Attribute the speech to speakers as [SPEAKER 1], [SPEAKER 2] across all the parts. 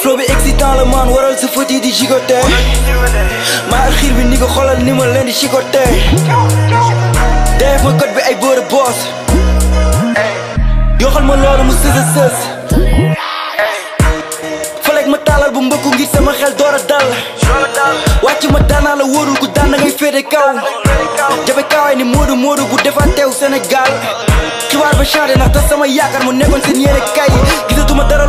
[SPEAKER 1] Flow bi excitant la man
[SPEAKER 2] waral sa di gigoté Maar xiir bi ni ko xolal ni ma leen di chicoté Def ma code bi ay bëre boss Yoxal ma loolu mu sës sës Falek ma taalal bu mbëkku ngir sama xel door a dal Wàcc ma daanaa la wóorul ku daan ngay féete kaw Jabe kaawaay ni moodu moodu bu defanteew Sénégal Xibaar ba changé ndax tax sama yaakaar mu nekkoon seen yéene kay Gisatuma dara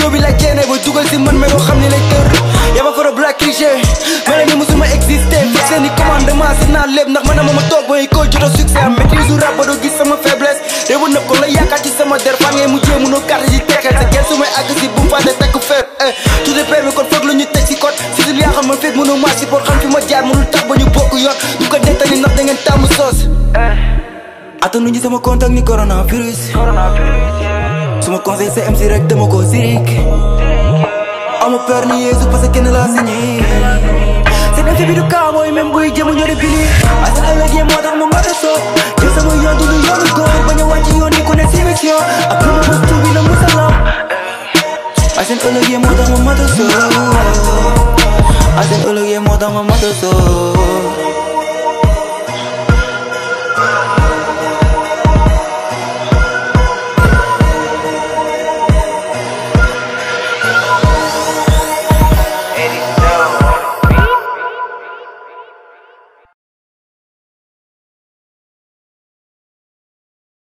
[SPEAKER 2] studio bi lay génne ba dugal si man mais boo xam ni lay tër yaa ma foro black cliché mel ni musuma existé fekk seen i commandement si naa lépp ndax man a ma toog bay ko jot a succès am maîtrise rap ba doo gis sama faiblesse day wën na ko la yaakaar ci sama der faa ngay mujjee mënoo carte ji teexal sa gel su may àgg si bu mu fàtte takk feer tout de eh, permis kon foog lu ñu teg code si dul yaa xam man fekk mënoo maa si pour xam fi ma jaar mënul tax ba bokk yoon du ko nettali ndax da ngeen tàmm soos atanuñu sama contact ni coronavirus coronavirus Ze me kon zijn MC rek, de me go ziek Amo perni jezu pa se kene la sini Sen MC bidu ka boy men boy je mo nyori pili Asa ala je mo dang mo ngare so Je se mo yon dulu yon go Banya wanchi yon ni
[SPEAKER 1] kone si vekyo Aku mo bus tu bila mo salam Asen ala je mo dang mo mato so Asen ala je mo dang mo mato so